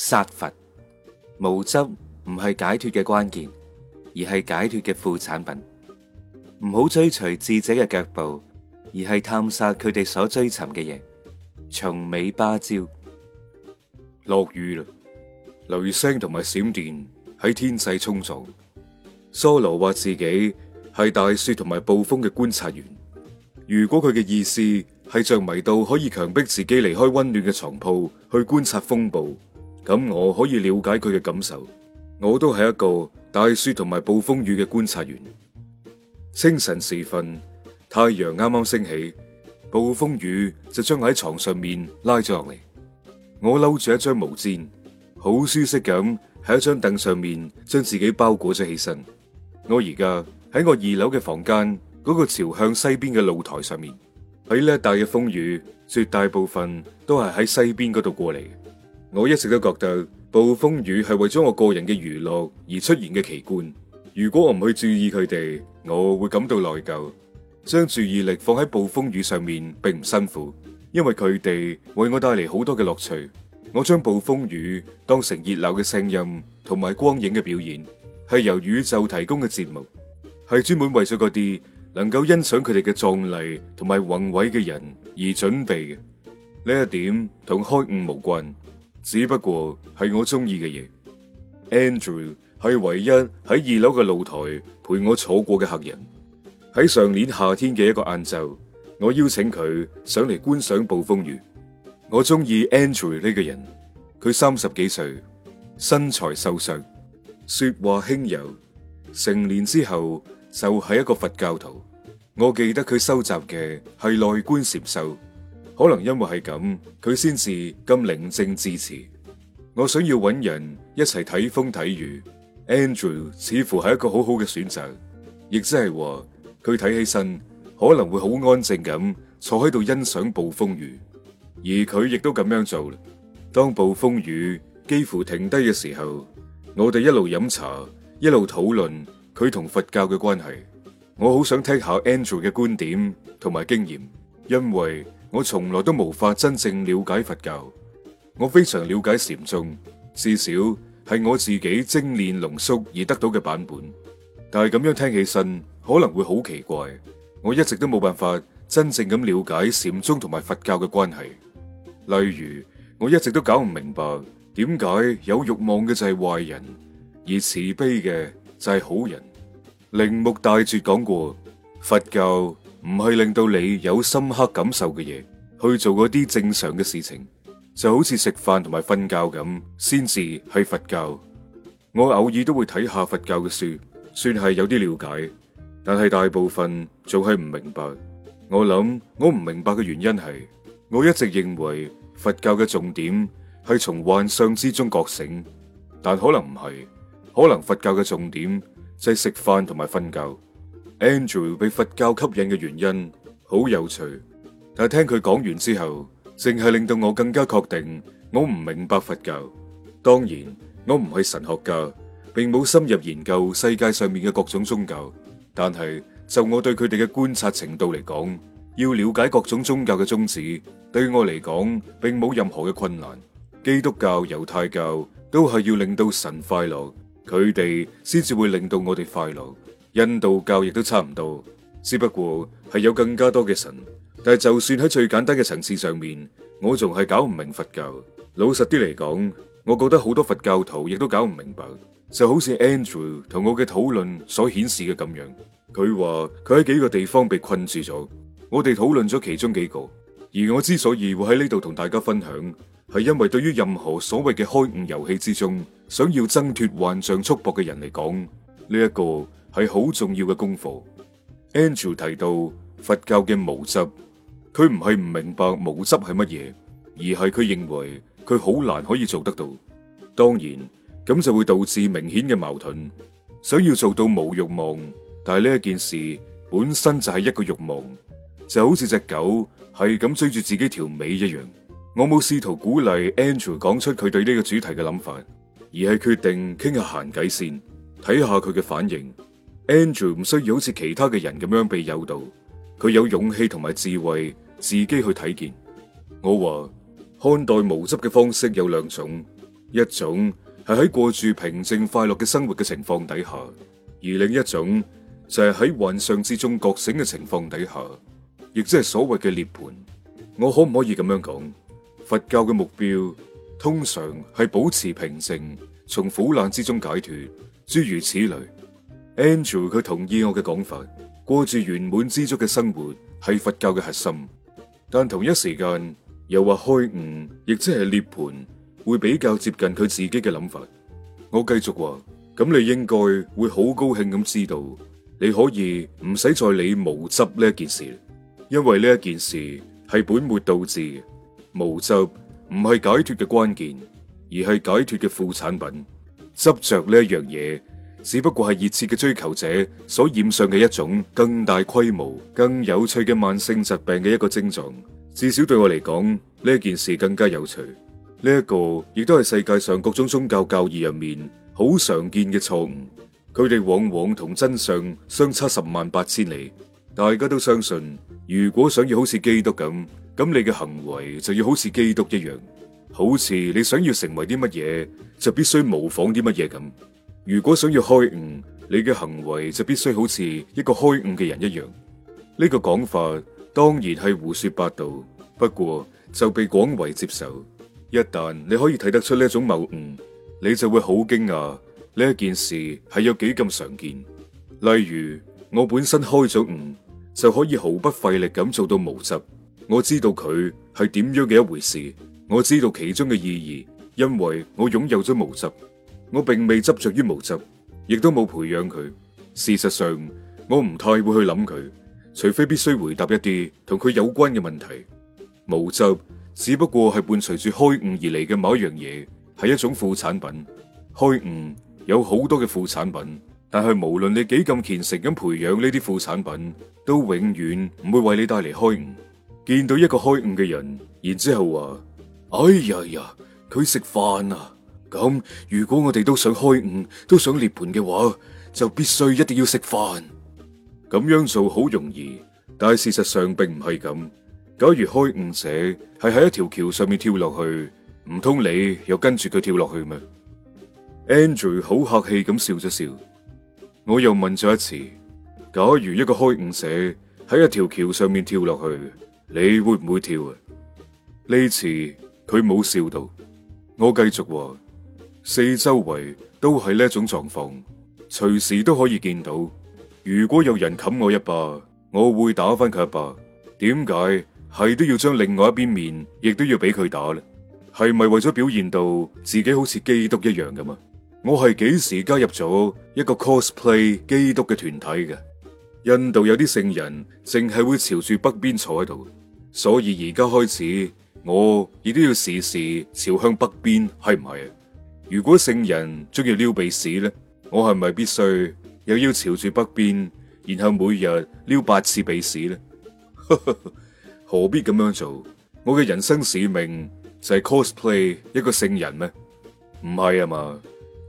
殺佛無執，唔係解脱嘅關鍵，而係解脱嘅副產品。唔好追隨智者嘅腳步，而係探索佢哋所追尋嘅嘢。松尾芭蕉，落雨啦，雷聲同埋閃電喺天際衝撞。蘇羅話自己係大雪同埋暴風嘅觀察員。如果佢嘅意思係着迷到可以強迫自己離開溫暖嘅床鋪去觀察風暴。咁我可以了解佢嘅感受，我都係一個大雪同埋暴風雨嘅觀察員。清晨時分，太陽啱啱升起，暴風雨就將我喺床上面拉咗落嚟。我摟住一張毛氈，好舒適咁喺一張凳上面，將自己包裹咗起身。我而家喺我二樓嘅房間嗰個朝向西邊嘅露台上面，喺呢一帶嘅風雨絕大部分都係喺西邊嗰度過嚟。我一直都覺得暴風雨係為咗我個人嘅娛樂而出現嘅奇觀。如果我唔去注意佢哋，我會感到內疚。將注意力放喺暴風雨上面，並唔辛苦，因為佢哋為我帶嚟好多嘅樂趣。我將暴風雨當成熱鬧嘅聲音同埋光影嘅表演，係由宇宙提供嘅節目，係專門為咗嗰啲能夠欣賞佢哋嘅壯麗同埋宏偉嘅人而準備嘅。呢一點同開悟無關。只不過係我中意嘅嘢，Andrew 係唯一喺二樓嘅露台陪我坐過嘅客人。喺上年夏天嘅一個晏晝，我邀請佢上嚟觀賞暴風雨。我中意 Andrew 呢個人，佢三十幾歲，身材瘦削，說話輕柔。成年之後就係一個佛教徒，我記得佢收集嘅係內觀禪修。可能因為係咁，佢先至咁寧靜自持。我想要揾人一齊睇風睇雨，Andrew 似乎係一個好好嘅選擇，亦即係話佢睇起身可能會好安靜咁坐喺度欣賞暴風雨，而佢亦都咁樣做。當暴風雨幾乎停低嘅時候，我哋一路飲茶，一路討論佢同佛教嘅關係。我好想聽下 Andrew 嘅觀點同埋經驗，因為。我從來都無法真正了解佛教，我非常了解禪宗，至少係我自己精煉濃縮而得到嘅版本。但係咁樣聽起身可能會好奇怪，我一直都冇辦法真正咁了解禪宗同埋佛教嘅關係。例如，我一直都搞唔明白點解有欲望嘅就係壞人，而慈悲嘅就係好人。鈴木大拙講過佛教。唔係令到你有深刻感受嘅嘢，去做嗰啲正常嘅事情，就好似食飯同埋瞓覺咁，先至係佛教。我偶爾都會睇下佛教嘅書，算係有啲了解，但係大部分仲係唔明白。我諗我唔明白嘅原因係，我一直認為佛教嘅重點係從幻象之中覺醒，但可能唔係，可能佛教嘅重點就係食飯同埋瞓覺。Andrew 被佛教吸引嘅原因好有趣，但係聽佢講完之後，淨係令到我更加確定我唔明白佛教。當然，我唔係神學家，並冇深入研究世界上面嘅各種宗教。但係就我對佢哋嘅觀察程度嚟講，要了解各種宗教嘅宗旨，對我嚟講，並冇任何嘅困難。基督教、猶太教都係要令到神快樂，佢哋先至會令到我哋快樂。印度教亦都差唔多，只不過係有更加多嘅神。但係就算喺最簡單嘅層次上面，我仲係搞唔明佛教。老實啲嚟講，我覺得好多佛教徒亦都搞唔明白。就好似 Andrew 同我嘅討論所顯示嘅咁樣，佢話佢喺幾個地方被困住咗。我哋討論咗其中幾個。而我之所以會喺呢度同大家分享，係因為對於任何所謂嘅開悟遊戲之中，想要掙脱幻象束縛嘅人嚟講，呢一個。係好重要嘅功課。Andrew 提到佛教嘅無執，佢唔係唔明白無執係乜嘢，而係佢認為佢好難可以做得到。當然，咁就會導致明顯嘅矛盾。想要做到無慾望，但係呢一件事本身就係一個欲望，就好似隻狗係咁追住自己條尾一樣。我冇試圖鼓勵 Andrew 講出佢對呢個主題嘅諗法，而係決定傾下閒偈先，睇下佢嘅反應。Andrew 唔需要好似其他嘅人咁樣被誘導，佢有勇氣同埋智慧，自己去睇見。我話看待無執嘅方式有兩種，一種係喺過住平靜快樂嘅生活嘅情況底下，而另一種就係喺幻象之中覺醒嘅情況底下，亦即係所謂嘅涅槃。我可唔可以咁樣講？佛教嘅目標通常係保持平靜，從苦難之中解脫，諸如此類。Andrew 佢同意我嘅講法，過住圓滿知足嘅生活係佛教嘅核心，但同一時間又話開悟，亦即係涅盤，會比較接近佢自己嘅諗法。我繼續話，咁你應該會好高興咁知道，你可以唔使再理無執呢一件事，因為呢一件事係本末倒置嘅，無執唔係解脫嘅關鍵，而係解脫嘅副產品，執着呢一樣嘢，只不過係熱切嘅追求者所染上嘅一種更大規模、更有趣嘅慢性疾病嘅一個症狀。至少對我嚟講，呢件事更加有趣。呢一個亦都係世界上各種宗教教義入面好常見嘅錯誤。佢哋往往同真相相差十萬八千里。大家都相信，如果想要好似基督咁，咁你嘅行為就要好似基督一樣，好似你想要成為啲乜嘢，就必須模仿啲乜嘢咁。如果想要開悟，你嘅行為就必須好似一個開悟嘅人一樣。呢個講法當然係胡說八道，不過就被廣為接受。一旦你可以睇得出呢一種謬誤，你就會好驚訝呢件事係有幾咁常見。例如，我本身開咗悟，就可以毫不費力咁做到無執。我知道佢係點樣嘅一回事，我知道其中嘅意義，因為我擁有咗無執。我並未執着於無執，亦都冇培養佢。事實上，我唔太會去諗佢，除非必須回答一啲同佢有關嘅問題。無執只不過係伴隨住開悟而嚟嘅某一樣嘢，係一種副產品。開悟有好多嘅副產品，但係無論你幾咁虔誠咁培養呢啲副產品，都永遠唔會爲你帶嚟開悟。見到一個開悟嘅人，然之後話：哎呀呀，佢食飯啊！咁如果我哋都想開悟都想涅槃嘅話，就必須一定要食飯。咁樣做好容易，但係事實上並唔係咁。假如開悟者係喺一條橋上面跳落去，唔通你又跟住佢跳落去咩？Andrew 好客氣咁笑咗笑，我又問咗一次：假如一個開悟者喺一條橋上面跳落去，你會唔會跳啊？呢次佢冇笑到，我繼續話。四周圍都係呢種狀況，隨時都可以見到。如果有人冚我一巴，我會打翻佢一巴。點解係都要將另外一邊面，亦都要俾佢打咧？係咪為咗表現到自己好似基督一樣咁啊？我係幾時加入咗一個 cosplay 基督嘅團體嘅？印度有啲聖人淨係會朝住北邊坐喺度，所以而家開始我亦都要時時朝向北邊，係唔係？如果聖人中意撩鼻屎咧，我係咪必須又要朝住北邊，然後每日撩八次鼻屎咧？ 何必咁樣做？我嘅人生使命就係 cosplay 一個聖人咩？唔係啊嘛？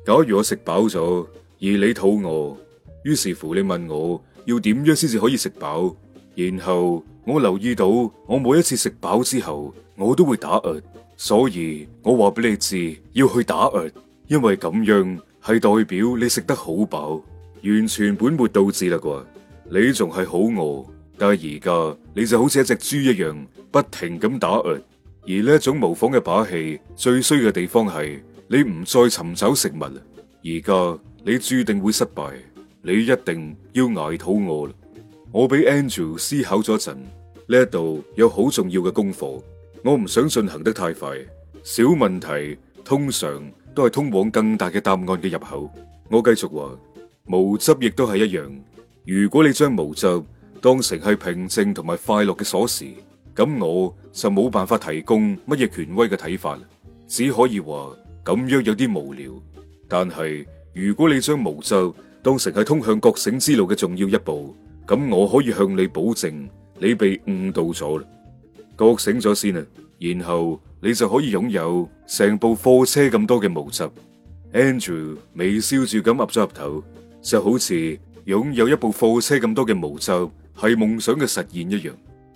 假如我食飽咗，而你肚餓，於是乎你問我要點樣先至可以食飽，然後我留意到我每一次食飽之後，我都會打嗝。所以我話俾你知，要去打嗝，因為咁樣係代表你食得好飽，完全本末倒置啦啩。你仲係好餓，但係而家你就好似一隻豬一樣，不停咁打嗝。而呢一種模仿嘅把戲，最衰嘅地方係你唔再尋找食物。而家你注定會失敗，你一定要捱肚餓。我俾 Andrew 思考咗陣，呢一度有好重要嘅功課。我唔想進行得太快，小問題通常都係通往更大嘅答案嘅入口。我繼續話，無執亦都係一樣。如果你將無執當成係平靜同埋快樂嘅鎖匙，咁我就冇辦法提供乜嘢權威嘅睇法，只可以話咁樣有啲無聊。但係如果你將無執當成係通向覺醒之路嘅重要一步，咁我可以向你保證，你被誤導咗。覺醒咗先啊，然後你就可以擁有成部貨車咁多嘅模汁。Andrew 微笑住咁岌咗岌頭，就好似擁有一部貨車咁多嘅模汁係夢想嘅實現一樣。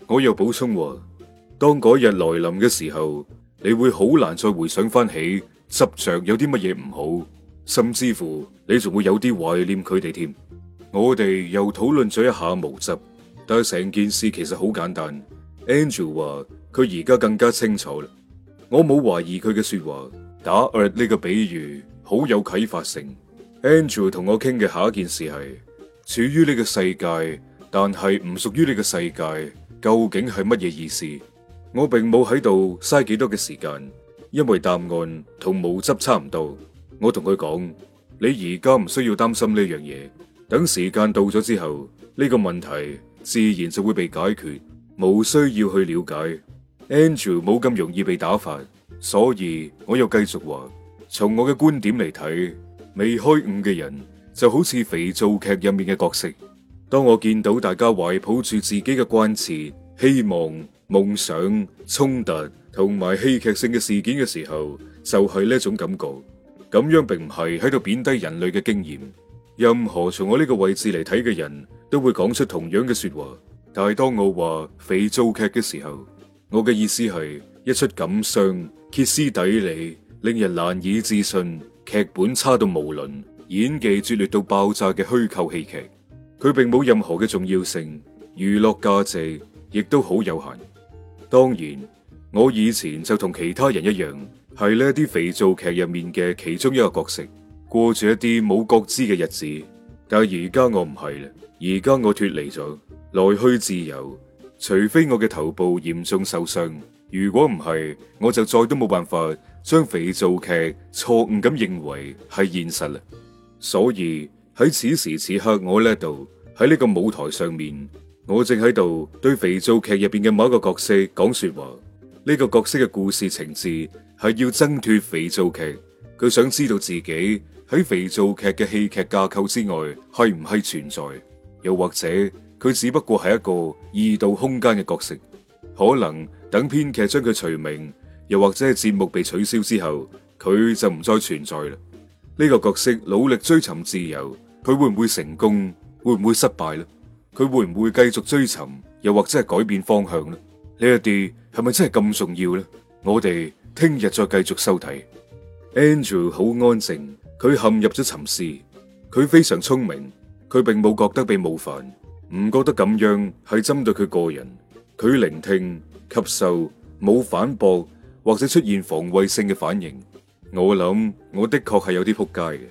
我又補充話，當嗰日來臨嘅時候，你會好難再回想翻起執着有啲乜嘢唔好，甚至乎你仲會有啲懷念佢哋添。我哋又討論咗一下模汁，但係成件事其實好簡單。Angel 話佢而家更加清楚啦。我冇懷疑佢嘅說話，打呢個比喻好有啟發性。Angel 同我傾嘅下一件事係處於呢個世界，但係唔屬於呢個世界，究竟係乜嘢意思？我並冇喺度嘥幾多嘅時間，因為答案同無執差唔多。我同佢講，你而家唔需要擔心呢樣嘢，等時間到咗之後，呢個問題自然就會被解決。無需要去了解，Andrew 冇咁容易被打發，所以我又繼續話：從我嘅觀點嚟睇，未開悟嘅人就好似肥皂劇入面嘅角色。當我見到大家懷抱住自己嘅關切、希望、夢想、衝突同埋戲劇性嘅事件嘅時候，就係呢一種感覺。咁樣並唔係喺度貶低人類嘅經驗。任何從我呢個位置嚟睇嘅人都會講出同樣嘅說話。但係當我話肥皂劇嘅時候，我嘅意思係一出感傷、歇斯底里、令人難以置信、劇本差到無倫、演技拙劣到爆炸嘅虛構戲劇，佢並冇任何嘅重要性，娛樂價值亦都好有限。當然，我以前就同其他人一樣，係呢啲肥皂劇入面嘅其中一個角色，過住一啲冇覺知嘅日子。但而家我唔係啦，而家我脫離咗，來去自由。除非我嘅頭部嚴重受傷，如果唔係，我就再都冇辦法將肥皂劇錯誤咁認為係現實啦。所以喺此時此刻，我呢度喺呢個舞台上面，我正喺度對肥皂劇入邊嘅某一個角色講說話。呢個角色嘅故事情節係要掙脫肥皂劇。佢想知道自己喺肥皂劇嘅戲劇架構之外係唔係存在，又或者佢只不過係一個異度空間嘅角色？可能等編劇將佢除名，又或者係節目被取消之後，佢就唔再存在啦。呢個角色努力追尋自由，佢會唔會成功？會唔會失敗咧？佢會唔會繼續追尋？又或者係改變方向咧？呢一啲係咪真係咁重要咧？我哋聽日再繼續收睇。Andrew 好安靜，佢陷入咗沉思。佢非常聰明，佢並冇覺得被冒犯，唔覺得咁樣係針對佢個人。佢聆聽、吸收，冇反駁或者出現防衛性嘅反應。我諗我的確係有啲撲街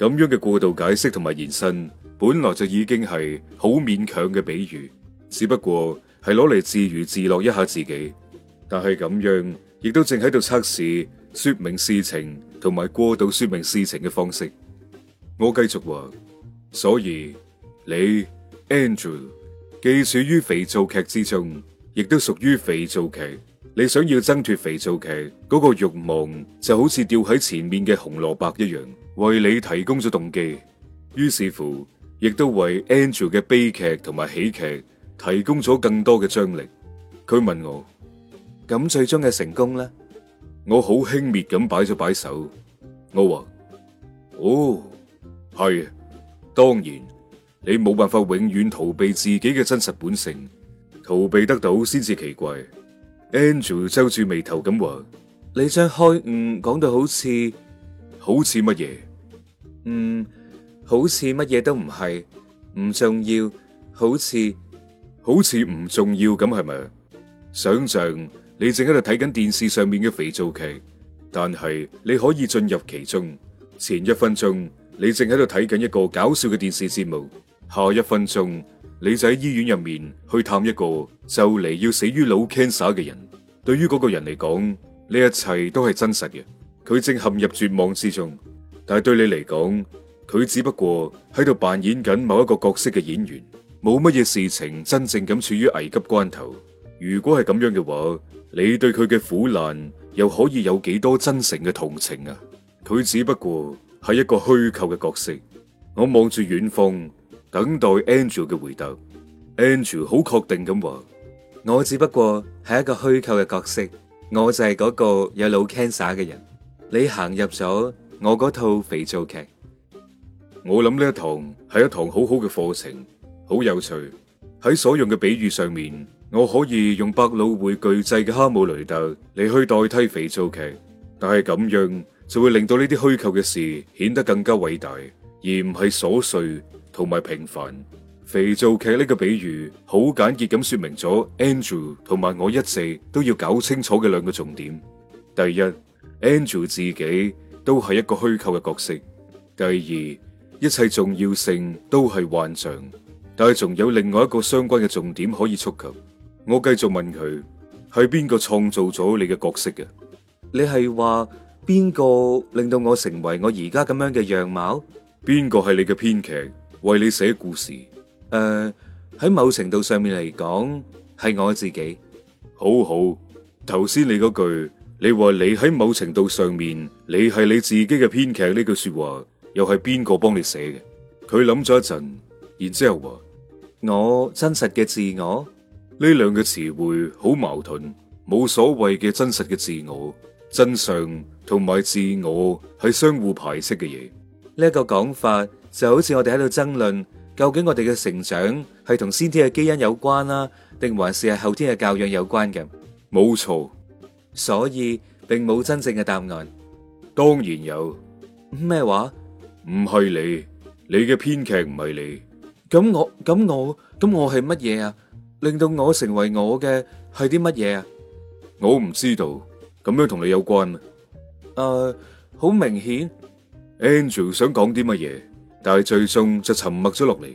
嘅。咁樣嘅過度解釋同埋延伸，本來就已經係好勉強嘅比喻，只不過係攞嚟自娛自樂一下自己。但係咁樣亦都正喺度測試說明事情同埋過度說明事情嘅方式，我繼續話，所以你 Andrew 既處於肥皂劇之中，亦都屬於肥皂劇。你想要掙脫肥皂劇嗰個慾望，就好似吊喺前面嘅紅蘿蔔一樣，為你提供咗動機。於是乎，亦都為 Andrew 嘅悲劇同埋喜劇提供咗更多嘅張力。佢問我，咁最終嘅成功呢？我好輕蔑咁擺咗擺手，我話：哦，係，當然，你冇辦法永遠逃避自己嘅真實本性，逃避得到先至奇怪。Andrew 皺住眉頭咁話：你將開悟講到好似好似乜嘢？嗯，好似乜嘢都唔係唔重要，好似好似唔重要咁係咪？想象你正喺度睇緊電視上面嘅肥皂劇，但係你可以進入其中。前一分鐘你正喺度睇緊一個搞笑嘅電視節目，下一分鐘你就喺醫院入面去探一個就嚟要死於腦 cancer 嘅人。對於嗰個人嚟講，呢一切都係真實嘅，佢正陷入絕望之中。但係對你嚟講，佢只不過喺度扮演緊某一個角色嘅演員，冇乜嘢事情真正咁處於危急關頭。如果係咁樣嘅話，你對佢嘅苦難又可以有幾多真誠嘅同情啊？佢只不過係一個虛構嘅角色。我望住遠方，等待 Andrew 嘅回答。Andrew 好確定咁話：我只不過係一個虛構嘅角色，我就係嗰個有腦 cancer 嘅人。你行入咗我嗰套肥皂劇。我諗呢一堂係一堂好好嘅課程，好有趣。喺所用嘅比喻上面。我可以用百老匯巨製嘅《哈姆雷特》嚟去代替肥皂劇，但係咁樣就會令到呢啲虛構嘅事顯得更加偉大，而唔係瑣碎同埋平凡。肥皂劇呢個比喻好簡潔咁說明咗 Andrew 同埋我一直都要搞清楚嘅兩個重點：第一，Andrew 自己都係一個虛構嘅角色；第二，一切重要性都係幻象。但係仲有另外一個相關嘅重點可以觸及。我繼續問佢，係邊個創造咗你嘅角色嘅？你係話邊個令到我成為我而家咁樣嘅樣貌？邊個係你嘅編劇，為你寫故事？誒，喺某程度上面嚟講係我自己。好好，頭先你嗰句，你話你喺某程度上面，你係你自己嘅編劇呢句說話，又係邊個幫你寫嘅？佢諗咗一陣，然之後話我真實嘅自我。呢兩個詞彙好矛盾，冇所謂嘅真實嘅自我真相，同埋自我係相互排斥嘅嘢。呢一個講法就好似我哋喺度爭論，究竟我哋嘅成長係同先天嘅基因有關啦、啊，定還是係後天嘅教養有關？嘅？冇錯，所以並冇真正嘅答案。當然有咩話？唔係你，你嘅編劇唔係你，咁我咁我咁我係乜嘢啊？令到我成為我嘅係啲乜嘢啊？我唔知道咁樣同你有關啊。好、uh, 明顯，Andrew 想講啲乜嘢，但係最終就沉默咗落嚟。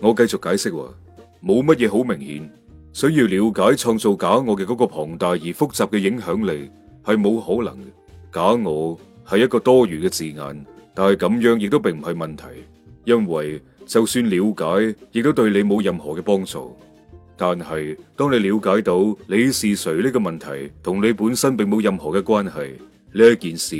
我繼續解釋話，冇乜嘢好明顯，想要了解創造假我嘅嗰個龐大而複雜嘅影響力係冇可能。假我係一個多餘嘅字眼，但係咁樣亦都並唔係問題，因為就算了解，亦都對你冇任何嘅幫助。但係，當你了解到你是誰呢個問題同你本身並冇任何嘅關係呢件事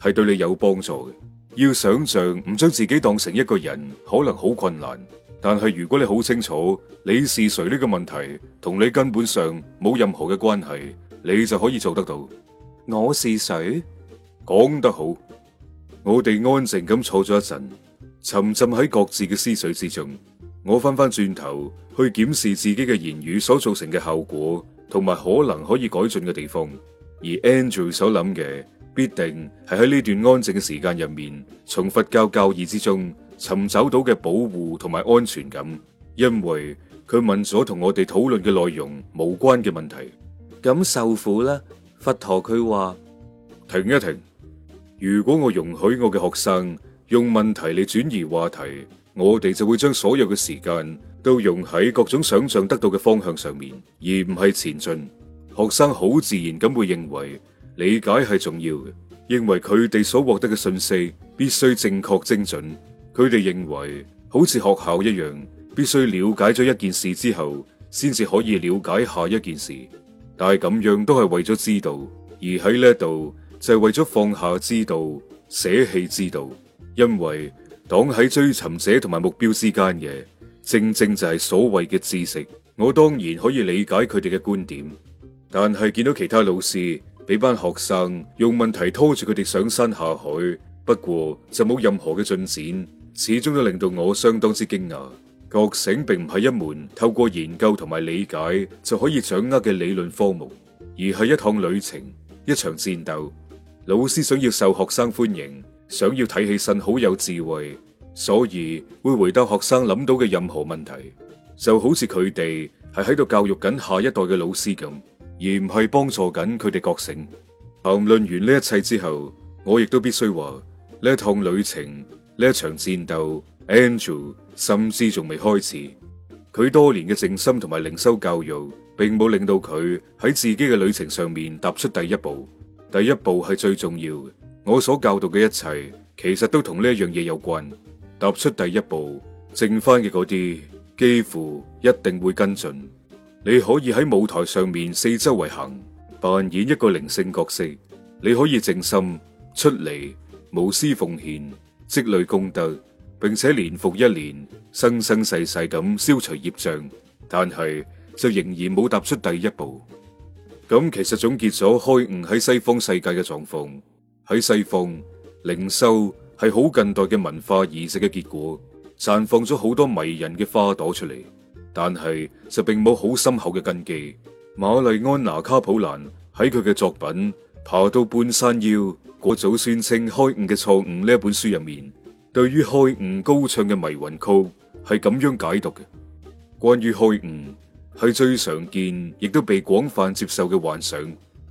係對你有幫助嘅。要想象唔將自己當成一個人可能好困難，但係如果你好清楚你是誰呢個問題同你根本上冇任何嘅關係，你就可以做得到。我是誰？講得好。我哋安靜咁坐咗一陣，沉浸喺各自嘅思緒之中。我翻翻轉頭去檢視自己嘅言語所造成嘅效果，同埋可能可以改進嘅地方。而 Andrew 所諗嘅，必定係喺呢段安靜嘅時間入面，從佛教教義之中尋找到嘅保護同埋安全感。因為佢問咗同我哋討論嘅內容無關嘅問題。咁受苦啦，佛陀佢話停一停。如果我容許我嘅學生用問題嚟轉移話題。我哋就會將所有嘅時間都用喺各種想象得到嘅方向上面，而唔係前進。學生好自然咁會認為理解係重要嘅，認為佢哋所獲得嘅信息必須正確精準。佢哋認為好似學校一樣，必須了解咗一件事之後，先至可以了解下一件事。但係咁樣都係為咗知道，而喺呢度就係為咗放下知道，捨棄知道，因為。擋喺追尋者同埋目標之間嘅，正正就係所謂嘅知識。我當然可以理解佢哋嘅觀點，但係見到其他老師俾班學生用問題拖住佢哋上山下海，不過就冇任何嘅進展，始終都令到我相當之驚訝。覺醒並唔係一門透過研究同埋理解就可以掌握嘅理論科目，而係一趟旅程，一場戰鬥。老師想要受學生歡迎。想要睇起身好有智慧，所以會回答學生諗到嘅任何問題，就好似佢哋係喺度教育緊下一代嘅老師咁，而唔係幫助緊佢哋覺醒。談論完呢一切之後，我亦都必須話呢一趟旅程、呢一場戰鬥，Andrew 甚至仲未開始。佢多年嘅靜心同埋靈修教育，並冇令到佢喺自己嘅旅程上面踏出第一步。第一步係最重要嘅。我所教導嘅一切，其實都同呢一樣嘢有關。踏出第一步，剩翻嘅嗰啲幾乎一定會跟進。你可以喺舞台上面四周圍行，扮演一個靈性角色；你可以靜心出嚟，無私奉獻，積累功德，並且年復一年，生生世世咁消除業障。但係就仍然冇踏出第一步。咁其實總結咗開悟喺西方世界嘅狀況。喺西方，靈修係好近代嘅文化移植嘅結果，綻放咗好多迷人嘅花朵出嚟，但係就並冇好深厚嘅根基。瑪麗安娜卡普蘭喺佢嘅作品《爬到半山腰》《過早宣稱開悟嘅錯誤》呢一本書入面，對於開悟高唱嘅迷魂曲係咁樣解讀嘅。關於開悟，係最常見亦都被廣泛接受嘅幻想，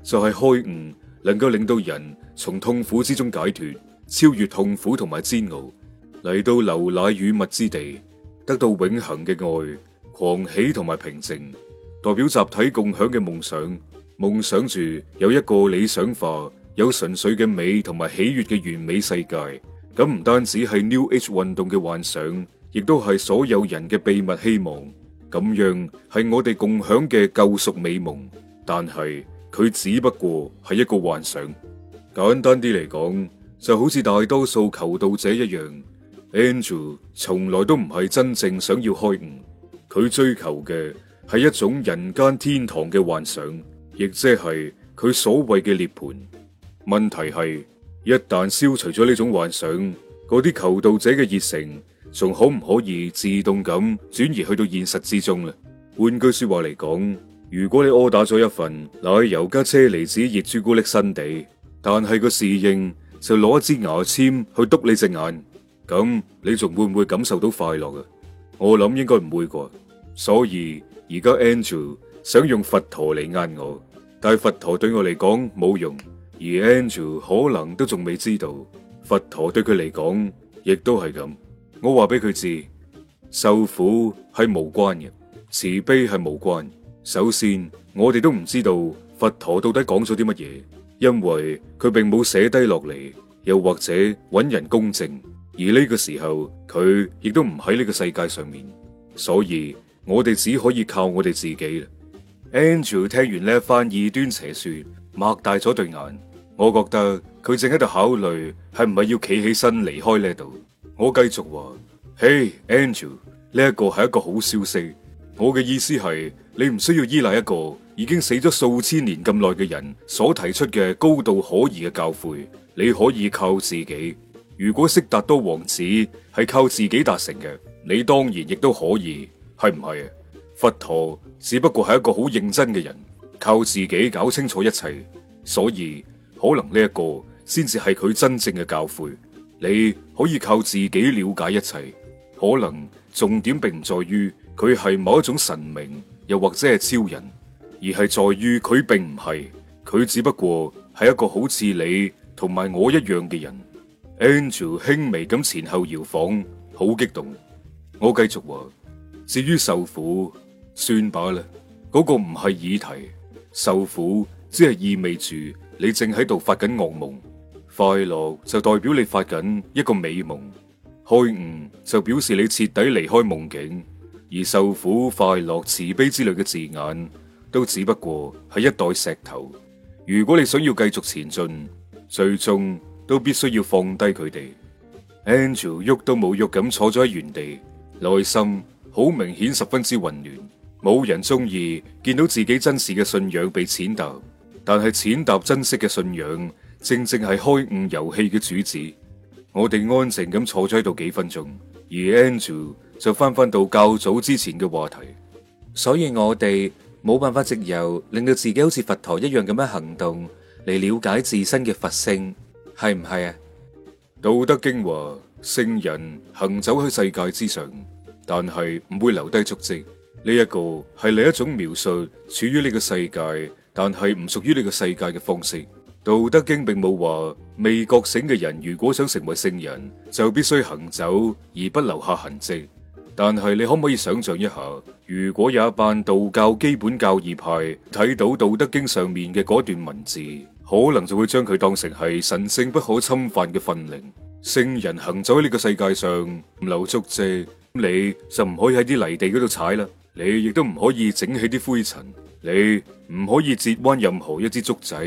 就係開悟。能夠令到人從痛苦之中解脫，超越痛苦同埋煎熬，嚟到流奶與蜜之地，得到永恆嘅愛、狂喜同埋平靜，代表集體共享嘅夢想，夢想住有一個理想化、有純粹嘅美同埋喜悅嘅完美世界。咁唔單止係 New Age 運動嘅幻想，亦都係所有人嘅秘密希望。咁樣係我哋共享嘅救贖美夢，但係，佢只不過係一個幻想，簡單啲嚟講，就好似大多數求道者一樣。Andrew 從來都唔係真正想要開悟，佢追求嘅係一種人間天堂嘅幻想，亦即係佢所謂嘅涅槃。問題係，一旦消除咗呢種幻想，嗰啲求道者嘅熱誠，仲可唔可以自動咁轉移去到現實之中咧？換句說話嚟講。如果你屙打咗一份奶油加車厘子熱朱古力新地，但係個侍應就攞一支牙簽去督你隻眼，咁你仲會唔會感受到快樂啊？我諗應該唔會啩。所以而家 Andrew 想用佛陀嚟呃我，但係佛陀對我嚟講冇用，而 Andrew 可能都仲未知道佛陀對佢嚟講亦都係咁。我話俾佢知，受苦係無關嘅，慈悲係無關。首先，我哋都唔知道佛陀到底講咗啲乜嘢，因為佢並冇寫低落嚟，又或者搵人公證。而呢個時候，佢亦都唔喺呢個世界上面，所以我哋只可以靠我哋自己。Andrew 聽完呢一番異端邪說，擘大咗對眼，我覺得佢正喺度考慮係唔係要企起身離開呢度。我繼續話嘿、Hey, Andrew，呢一個係一個好消息。我嘅意思係。你唔需要依賴一個已經死咗數千年咁耐嘅人所提出嘅高度可疑嘅教誨。你可以靠自己。如果悉達多王子係靠自己達成嘅，你當然亦都可以，係唔係？佛陀只不過係一個好認真嘅人，靠自己搞清楚一切，所以可能呢一個先至係佢真正嘅教誨。你可以靠自己了解一切。可能重點並唔在於佢係某一種神明。又或者係超人，而係在於佢並唔係，佢只不過係一個好似你同埋我一樣嘅人。Angel 輕微咁前後搖晃，好激動。我繼續話，至於受苦，算罷啦，嗰、那個唔係議題。受苦只係意味住你正喺度發緊惡夢，快樂就代表你發緊一個美夢，開悟就表示你徹底離開夢境。而受苦、快樂、慈悲之類嘅字眼，都只不過係一袋石頭。如果你想要繼續前進，最終都必須要放低佢哋。Andrew 喐都冇喐咁坐咗喺原地，內心好明顯十分之混亂。冇人中意見到自己真實嘅信仰被踐踏，但係踐踏珍惜嘅信仰，正正係開悟遊戲嘅主旨。我哋安靜咁坐咗喺度幾分鐘，而 Andrew。就翻返到較早之前嘅話題，所以我哋冇辦法藉由令到自己好似佛陀一樣咁樣行動嚟了解自身嘅佛性，係唔係啊？道德經話聖人行走喺世界之上，但係唔會留低足跡。呢一個係另一種描述處於呢個世界，但係唔屬於呢個世界嘅方式。道德經並冇話未覺醒嘅人如果想成為聖人，就必須行走而不留下痕跡。但係你可唔可以想象一下，如果有一班道教基本教義派睇到《道德經》上面嘅嗰段文字，可能就會將佢當成係神聖不可侵犯嘅訓令。聖人行走喺呢個世界上唔留足跡，噉你就唔可以喺啲泥地嗰度踩啦。你亦都唔可以整起啲灰塵，你唔可以折彎任何一支竹仔，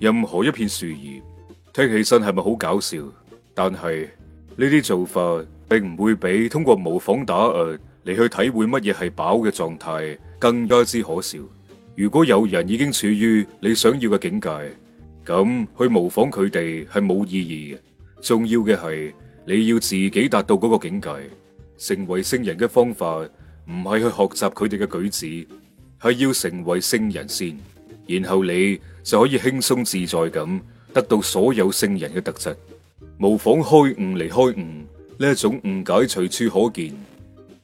任何一片樹葉。聽起身係咪好搞笑？但係呢啲做法，並唔會比通過模仿打嗝嚟去體會乜嘢係飽嘅狀態更加之可笑。如果有人已經處於你想要嘅境界，咁去模仿佢哋係冇意義嘅。重要嘅係你要自己達到嗰個境界，成為聖人嘅方法唔係去學習佢哋嘅舉止，係要成為聖人先，然後你就可以輕鬆自在咁得到所有聖人嘅特質。模仿開悟嚟開悟。呢種誤解隨處可見，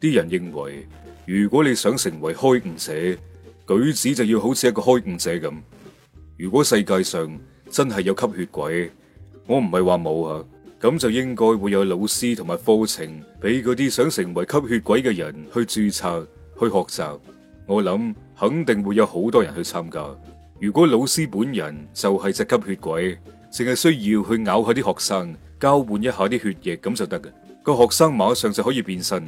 啲人認為如果你想成為開悟者，舉止就要好似一個開悟者咁。如果世界上真係有吸血鬼，我唔係話冇啊，咁就應該會有老師同埋課程俾嗰啲想成為吸血鬼嘅人去注冊去學習。我諗肯定會有好多人去參加。如果老師本人就係隻吸血鬼，淨係需要去咬下啲學生交換一下啲血液咁就得嘅。個學生馬上就可以變身，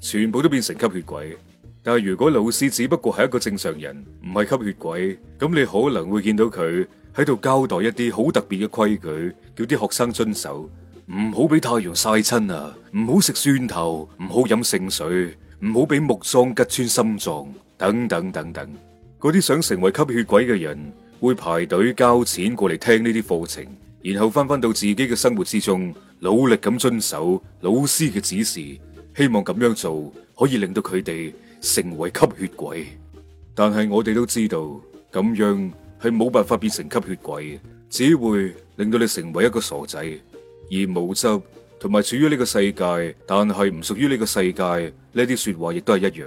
全部都變成吸血鬼。但係如果老師只不過係一個正常人，唔係吸血鬼，咁你可能會見到佢喺度交代一啲好特別嘅規矩，叫啲學生遵守，唔 好俾太陽曬親啊，唔好食蒜頭，唔好飲聖水，唔好俾木樁吉穿心臟，等等等等。嗰啲想成為吸血鬼嘅人會排隊交錢過嚟聽呢啲課程。然後翻翻到自己嘅生活之中，努力咁遵守老師嘅指示，希望咁樣做可以令到佢哋成為吸血鬼。但係我哋都知道，咁樣係冇辦法變成吸血鬼，只會令到你成為一個傻仔，而無執同埋處於呢個世界，但係唔屬於呢個世界，呢啲說話亦都係一樣。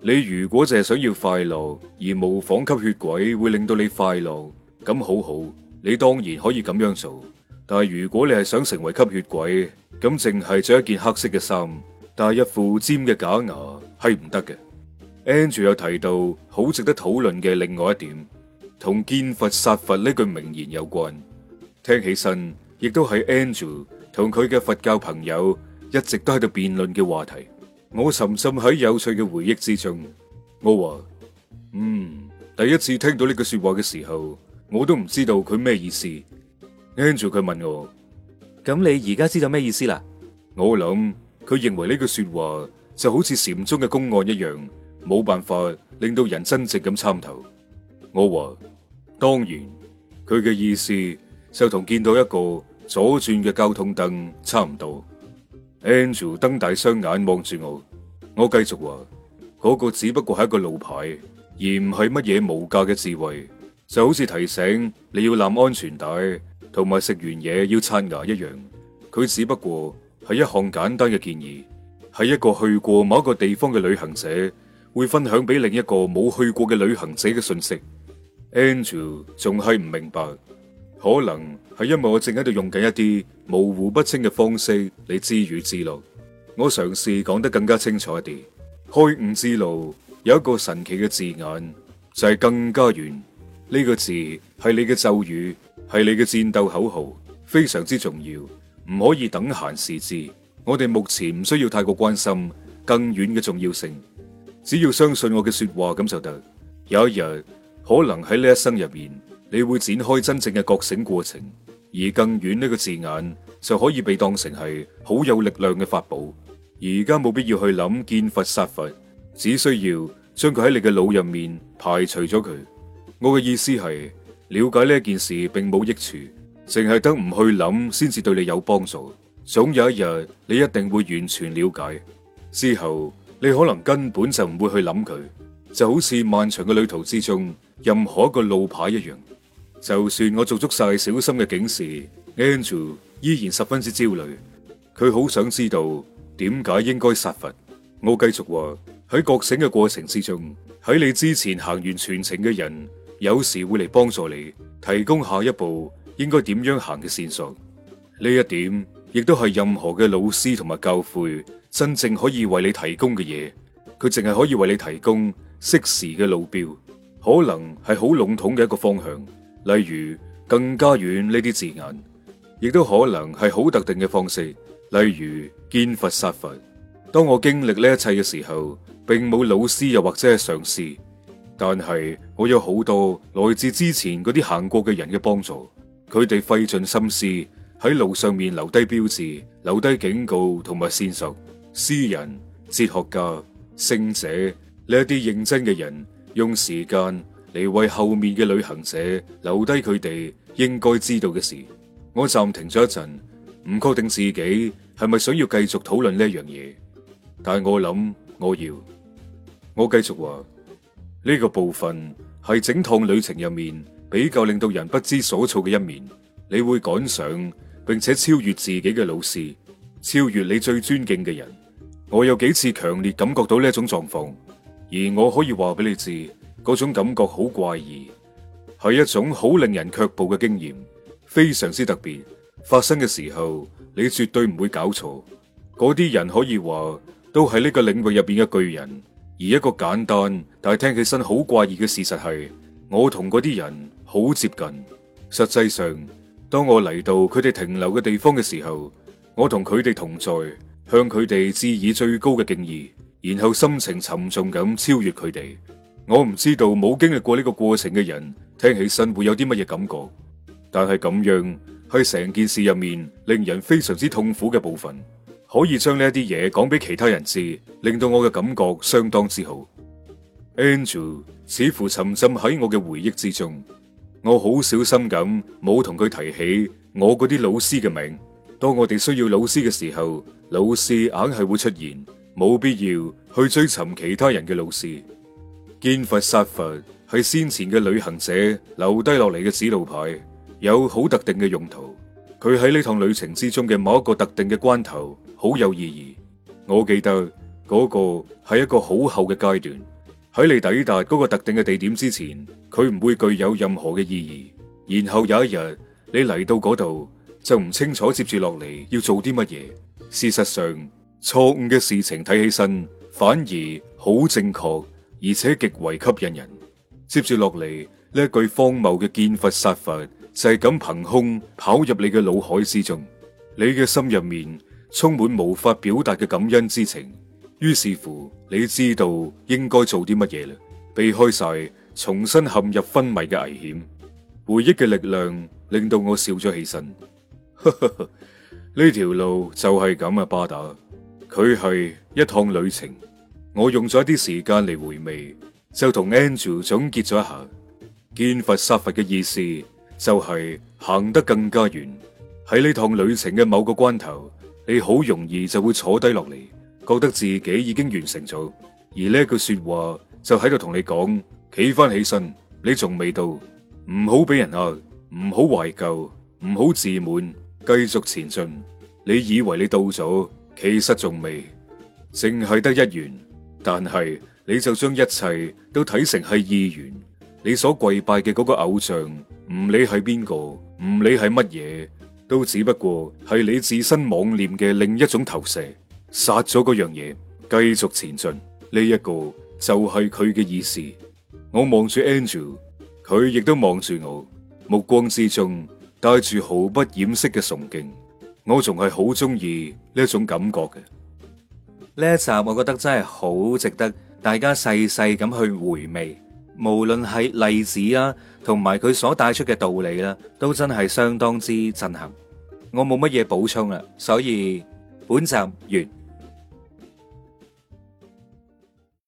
你如果淨係想要快樂，而模仿吸血鬼會令到你快樂，咁好好。你當然可以咁樣做，但係如果你係想成為吸血鬼，咁淨係着一件黑色嘅衫，戴一副尖嘅假牙係唔得嘅。Andrew 有提到好值得討論嘅另外一點，同見佛殺佛呢句名言有關，聽起身亦都係 Andrew 同佢嘅佛教朋友一直都喺度辯論嘅話題。我沉浸喺有趣嘅回憶之中，我話嗯，第一次聽到呢句說話嘅時候。我都唔知道佢咩意思，Andrew 佢問我：咁你而家知道咩意思啦？我諗佢認為呢句說話就好似禪宗嘅公案一樣，冇辦法令到人真正咁參透。我話當然，佢嘅意思就同見到一個左轉嘅交通燈差唔多。Andrew 瞪大雙眼望住我，我繼續話：嗰個只不過係一個路牌，而唔係乜嘢無價嘅智慧。就好似提醒你要攬安全帶同埋食完嘢要刷牙一樣，佢只不過係一項簡單嘅建議，係一個去過某一個地方嘅旅行者會分享俾另一個冇去過嘅旅行者嘅信息。Andrew 仲係唔明白，可能係因為我正喺度用緊一啲模糊不清嘅方式你自娛自樂。我嘗試講得更加清楚一啲，開悟之路有一個神奇嘅字眼就係、是、更加遠。呢個字係你嘅咒語，係你嘅戰鬥口號，非常之重要，唔可以等閒視之。我哋目前唔需要太過關心更遠嘅重要性，只要相信我嘅說話咁就得。有一日可能喺呢一生入面，你會展開真正嘅覺醒過程，而更遠呢個字眼就可以被當成係好有力量嘅法寶。而家冇必要去諗見佛殺佛，只需要將佢喺你嘅腦入面排除咗佢。我嘅意思係了解呢件事並冇益處，淨係得唔去諗先至對你有幫助。總有一日你一定會完全了解，之後你可能根本就唔會去諗佢，就好似漫長嘅旅途之中任何一個路牌一樣。就算我做足晒小心嘅警示，Andrew 依然十分之焦慮。佢好想知道點解應該殺佛。我繼續話喺覺醒嘅過程之中，喺你之前行完全程嘅人。有時會嚟幫助你，提供下一步應該點樣行嘅線索。呢一點亦都係任何嘅老師同埋教誨真正可以為你提供嘅嘢，佢淨係可以為你提供適時嘅路標，可能係好籠統嘅一個方向，例如更加遠呢啲字眼，亦都可能係好特定嘅方式，例如見佛殺佛。當我經歷呢一切嘅時候，並冇老師又或者係上師。但係我有好多來自之前嗰啲行過嘅人嘅幫助，佢哋費盡心思喺路上面留低標誌、留低警告同埋線索。詩人、哲學家、聖者呢一啲認真嘅人，用時間嚟，為後面嘅旅行者留低佢哋應該知道嘅事。我暫停咗一陣，唔確定自己係咪想要繼續討論呢樣嘢，但係我諗我要，我繼續話。呢個部分係整趟旅程入面比較令到人不知所措嘅一面，你會趕上並且超越自己嘅老師，超越你最尊敬嘅人。我有幾次強烈感覺到呢種狀況，而我可以話俾你知，嗰種感覺好怪異，係一種好令人卻步嘅經驗，非常之特別。發生嘅時候，你絕對唔會搞錯。嗰啲人可以話都係呢個領域入邊嘅巨人。而一個簡單但係聽起身好怪異嘅事實係，我同嗰啲人好接近。實際上，當我嚟到佢哋停留嘅地方嘅時候，我同佢哋同在，向佢哋致以最高嘅敬意，然後心情沉重咁超越佢哋。我唔知道冇經歷過呢個過程嘅人聽起身會有啲乜嘢感覺，但係咁樣喺成件事入面令人非常之痛苦嘅部分。可以將呢一啲嘢講俾其他人知，令到我嘅感覺相當之好。Andrew 似乎沉浸喺我嘅回憶之中，我好小心咁冇同佢提起我嗰啲老師嘅名。當我哋需要老師嘅時候，老師硬係會出現。冇必要去追尋其他人嘅老師。見佛殺佛係先前嘅旅行者留低落嚟嘅指路牌，有好特定嘅用途。佢喺呢趟旅程之中嘅某一個特定嘅關頭。好有意義。我記得嗰、那個係一個好厚嘅階段，喺你抵達嗰個特定嘅地點之前，佢唔會具有任何嘅意義。然後有一日你嚟到嗰度，就唔清楚接住落嚟要做啲乜嘢。事實上，錯誤嘅事情睇起身反而好正確，而且極為吸引人。接住落嚟呢一句荒謬嘅見佛殺佛就係、是、咁憑空跑入你嘅腦海之中，你嘅心入面。充滿無法表達嘅感恩之情，於是乎你知道應該做啲乜嘢啦，避開晒重新陷入昏迷嘅危險。回憶嘅力量令到我笑咗起身。呢 條路就係咁啊，巴打，佢係一趟旅程，我用咗一啲時間嚟回味，就同 Andrew 總結咗一下。見佛殺佛嘅意思就係行得更加遠。喺呢趟旅程嘅某個關頭，你好容易就會坐低落嚟，覺得自己已經完成咗，而呢句說話就喺度同你講：企返起身，你仲未到，唔好俾人壓，唔好懷舊，唔好自滿，繼續前進。你以為你到咗，其實仲未，淨係得一元，但係你就將一切都睇成係二元。你所跪拜嘅嗰個偶像，唔理係邊個，唔理係乜嘢。都只不過係你自身妄念嘅另一種投射，殺咗嗰樣嘢，繼續前進，呢一個就係佢嘅意思。我望住 Andrew，佢亦都望住我，目光之中帶住毫不掩飾嘅崇敬。我仲係好中意呢一種感覺嘅。呢一集我覺得真係好值得大家細細咁去回味。無論係例子啦，同埋佢所帶出嘅道理啦，都真係相當之震撼。我冇乜嘢補充啦，所以本集完。